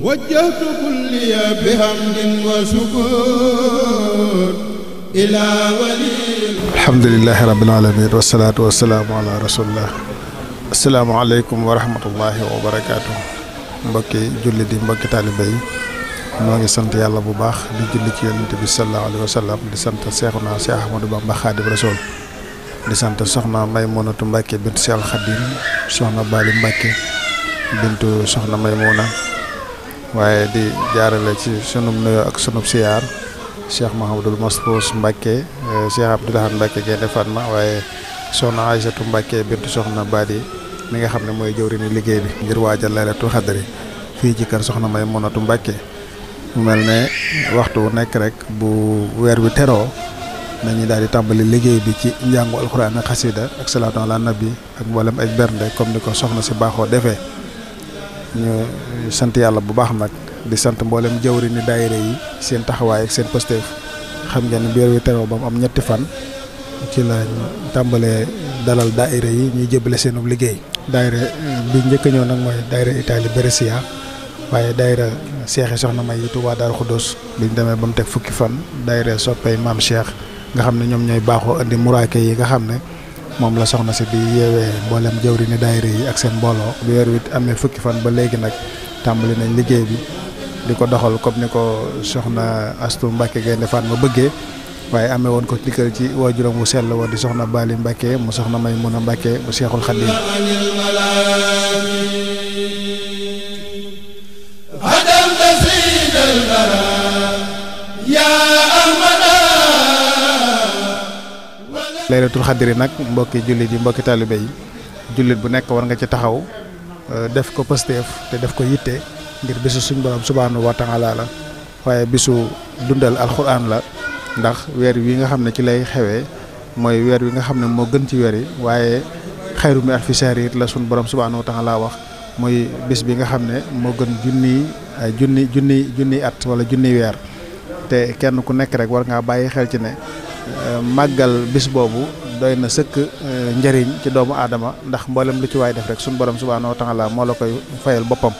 وجهت كلي بحمد وشكر إلى ولي الحمد لله رب العالمين والصلاة والسلام على رسول الله السلام عليكم ورحمة الله وبركاته mbokki julli di mbokki taalibe yi noo ngi sant yàlla bu baax di julli ci yonent bi sallallahu alayhi wa sallam di sant Seexuna Seex Ahmadu Bamba Xaadim Rasuul di sant soxna Maymunatu Mbàkke bintu Seex al soxna Baali Mbàkke bintu soxna Maymuna waaye di jaarale ci sunub nuyoo ak sunub siyaar Cheikh Mahamadul Maspous Mbacke eh, Cheikh Abdoulahan Mbacke Gaynde Fatma waaye soxna Aïssatou Mbacke bintu soxna Badi mi nga xam ne mooy jëwriñu liggéey bi ngir waajal laylatul xadri fii ci soxna may monatu Mbacke mu mel ne waxtu nekk rek bu weer bi teroo nañu daal di tàmbali liggéey bi ci njàngu alxuraan ak xasida ak salaatu ala nabi ak mboolem ay bernde comme ni ko soxna si baaxoo defee ñu sant yàlla bu baax nag di sant mbooleem jawri ni daayira yi seen taxawaay ak seen posteef xam ngeen ne biir wi teroo ba mu am ñetti fan ci la tàmbalee dalal daayira yi ñuy jëbale seenub liggéey. daayira bi njëkk a ñëw nag mooy daayira Italie Brescia waaye daayira Cheikh yi soxna May yi Tuubaa Daaru Xuddoos bi ñu demee ba mu teg fukki fan daayira soppay maam Cheikh nga xam ne ñoom ñooy baaxoo indi muraake yi nga xam ne. moom la soxna si di yeewee mboolem jëwriñu daayira yi ak seen mbooloo bi weer amee fukki fan ba léegi nag tàmbali nañ liggéey bi di ko doxal comme ni ko soxna Astu Mbàkke Gaynde Fatma bëggee waaye amee woon ko ndigal ci waajuram wu sell woon di soxna Bali Mbàkke mu soxna May a Mbàkke bu Seexul Xadiim yaa laylatul xadri nag mbokki jullit yi mbokki taalibe yi jullit bu nekk war nga ci taxaw euh, def ko pësteef te def ko yitte ngir bisu suñ borom subhaanahu wa taala la waaye bisu dundal alxuraan la ndax weer wi nga xam ne ci lay xewee mooy weer wi nga xam ne moo gën ci weer yi waaye xayru mi alfi shahr la suñ borom subhaanahu wa taala wax mooy bis bi nga xam ne moo gën junni junni junni junni at wala junni weer te kenn ku nekk rek war ngaa bàyyi xel ci ne Euh, màggal bis boobu doy na sëkk euh, njëriñ ci doomu aadama ndax mboolem lu ci waay def rek suñu borom subhaanahu wa taala moo la koy fayal boppam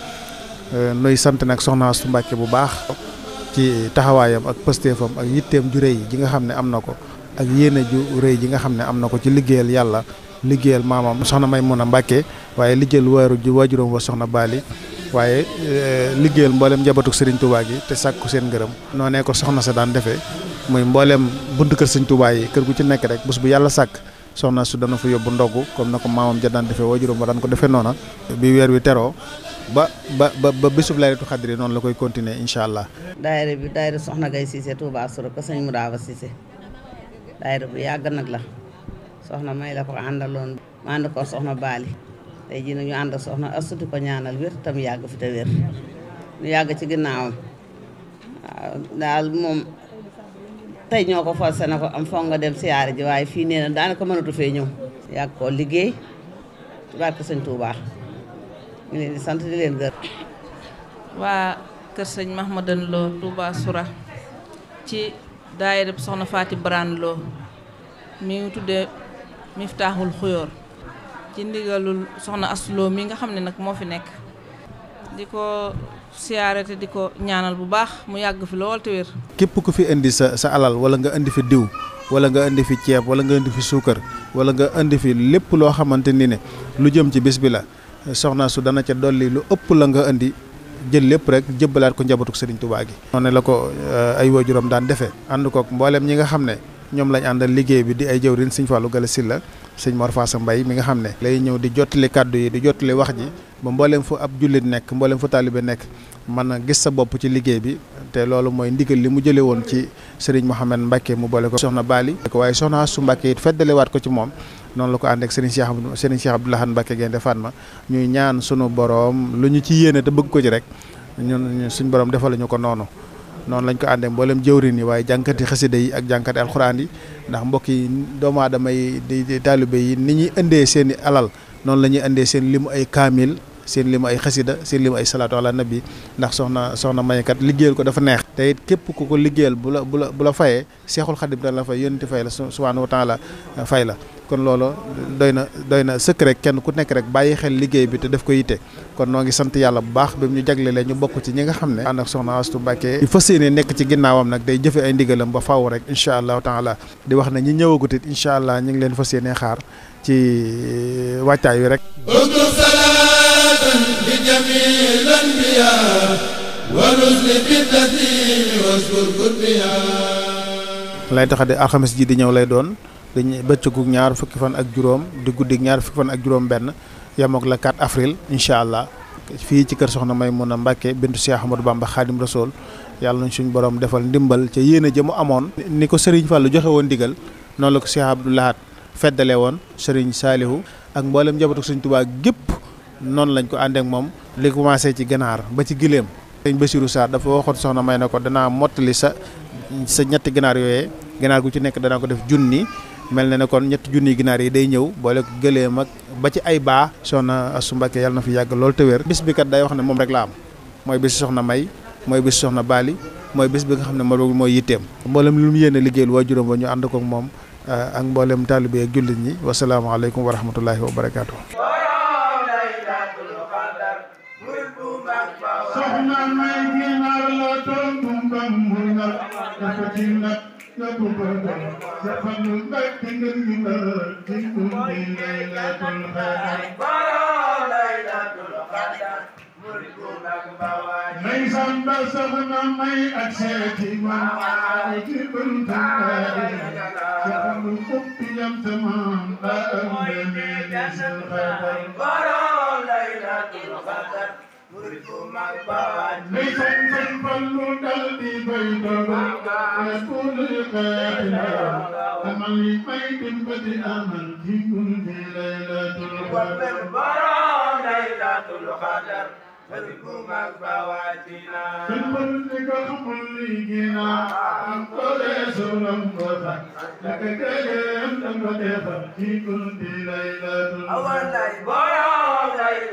euh, nuy sant nag soxna Astu Mbàkke bu baax ci taxawaayam ak pëstéefam ak yitteem ju rëy ji nga xam ne am na ko ak yéene ju rëy ji nga xam ne am na ko ci liggéeyal yàlla liggéeyal maamam soxna Maymuna Mbàkke waaye liggéeyal waaru ji waajuram wa soxna Baali waaye liggéeyal mboolem njabootu Sëriñ Tuubaa gi te ko seen ngërëm noo ne ko soxna sa daan defee muy mbooleem buntu kër sëñ Tuubaa yi kër gu ci nekk rek bés bu yàlla sàkk soxna su ko maamam ja daan defee waajuram ba ba ba ba bésub laylatu xadri noonu la koy continuer incha allah. daayira bi daayira soxna Gaye Cissé Touba Sourou ko sëñ Mourava Cissé daayira bu yàgg nag la soxna may la ko ànd ko soxna Baali tey jii nag ñu ànd soxna asuti ko ñaanal wér tam yàgg fi te wér ñu yàgg ci ginnaawam waaw daal moom. tey ñoo ko forcé na ko am foog nga dem siyaare ji waaye fii nee na daanaka mënatu fee ñëw yàgg koo liggéey ci barke sëñ Touba ñu leen di sant di leen gër waa kër sëñ Mahmadan Lo Touba ci daayira soxna Faati Baraan Lo mi ngi tuddee Miftaaxul Xuyoor ci ndigalul soxna Asloo mi nga xam ne nag moo fi nekk di ko siyaare te di ko ñaanal bu baax mu yàgg fi lool te wér. képp ku fi indi sa sa alal wala nga indi fi diw wala nga indi fi ceeb wala nga indi fi suukar wala nga indi fi lépp loo xamante ni ne lu jëm ci bis bi la soxna su dana ca dolli lu ëpp la nga indi jël lépp rek jëbbalaat ko njabootu Serigne Touba gi. noonu la ko euh, ay waajuram daan defee ànd kook mbooleem ñi nga xam ne. ñoom lañ àndal liggéey bi di ay jëwriñ sëñ Fallou Gala la sëñ Mor Faasa Mbay mi nga xam ne lay ñëw di jottali kàddu yi di jottali wax ji ba mbooleem fu ab jullit nekk mbooleem fu taalibe nekk mën a gis sa bopp ci liggéey bi te loolu mooy ndigal li mu jële woon ci sëriñ Mouhamed Mbacke mu boole ko soxna baali waaye soxna Astu Mbacke it feddalewaat ko ci moom noonu la ko ànd ak sëriñ Cheikh sëriñ Cheikh Abdoulaye Mbacke Gaynde ma ñuy ñaan sunu boroom lu ñu ci yéene te bëgg ko ci rek ñun suñ borom ñu ko noonu noonu lañ ko àndee mboolem jëwrin yi waaye jànkati xasida yi ak jànkati alxuraan yi ndax mbokk yi doomu aadama yi di taalibe yi ni ñuy indee seen i alal noonu la ñuy indee seen limu ay kaamil seen limu ay xasida seen limu ay salaatu ala nabi ndax soxna soxna maykat liggéeyal ko dafa neex te it képp ku ko liggéeyal bu la bu la bu la fayee seexul xadim dana la fay yónni la subhaanahu wa taala eh, fay la kon loolu doy na doy na sëkk rek kenn ku nekk rek bàyyi xel liggéey bi te daf ko yitte kon noo ngi sant yàlla bu baax bi mu ñu jaglelee ñu bokk ci ñi nga xam ne ànd ak soxna Astu Mbàkke fas yéene nekk ci ginnaawam nag day jëfe ay ndigalam ba faw rek incha allahu taala di wax na ñi ñëwagut it incha allah leen fas xaar ci eh, wàccaay wi rek lay taxa de alxames ji di ñëw lay doon dañuy bëccëgu ñaar fukki fan ak juróom di guddi ñaar fukki fan ak juróom benn yamook la 4 afril incha allah fii ci kër soxna Maymuna Mbàkke bintu Cheikh Ahmadou Bamba Xaadim Rasool yàlla nañ suñu borom defal ndimbal ca yéene jëmu amoon ni ko Serigne Fallou joxe woon digal noonu la ko Cheikh Abdou feddale woon Serigne Saalihu ak mboolem njabootu Sëriñ Tuubaa gépp noonu lañ ko àndeek moom li commencé ci ganaar ba ci gileem sëñ Bassirou Sarr dafa waxoon soxna may na ko danaa mottali sa sa ñetti ginaar yooyee ginaar gu ci nekk danaa ko def junni mel na ne kon ñetti junni ginaar yi day ñëw boole gëlee mag ba ci ay baa soxna Astou Mbacké yal na fi yàgg loolu te wér bis bi kat day wax ne moom rek la am mooy bis soxna may mooy bis soxna baali mooy bis bi nga xam ne moo mooy yitteem mboolem lu mu yéene liggéeyal waa juróom ba ñu ànd ko moom eh, ak mboolem taalibe ak jullit ñi wasalaamaaleykum wa rahmatullahi wa barakaatu. soxna may ginaar la toon dungam hurnal dafa jinnat la dubatal dafa nungal tingir ngal jingum di laylatul qadar laylatul qadar may samba soxna may ak seeti man ay ci buntam dafa nu xuppi jam tamam ba am laylatul qadar laylatul qadar ليس سيف المدل بيدر يقول لقائنا ومن لبيت بدء من في كل ليلة القدر ليلة القدر فلكمك بواتنا في الملك خملينا أنقل سرم وفا لك كلام لم يفا في كل ليلة القدر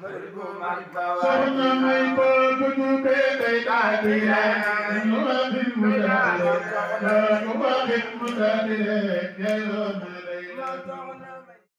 Sonia may ba gudu ke ke ta dile, numa bin mudale, numa bin mudale, yelo mele.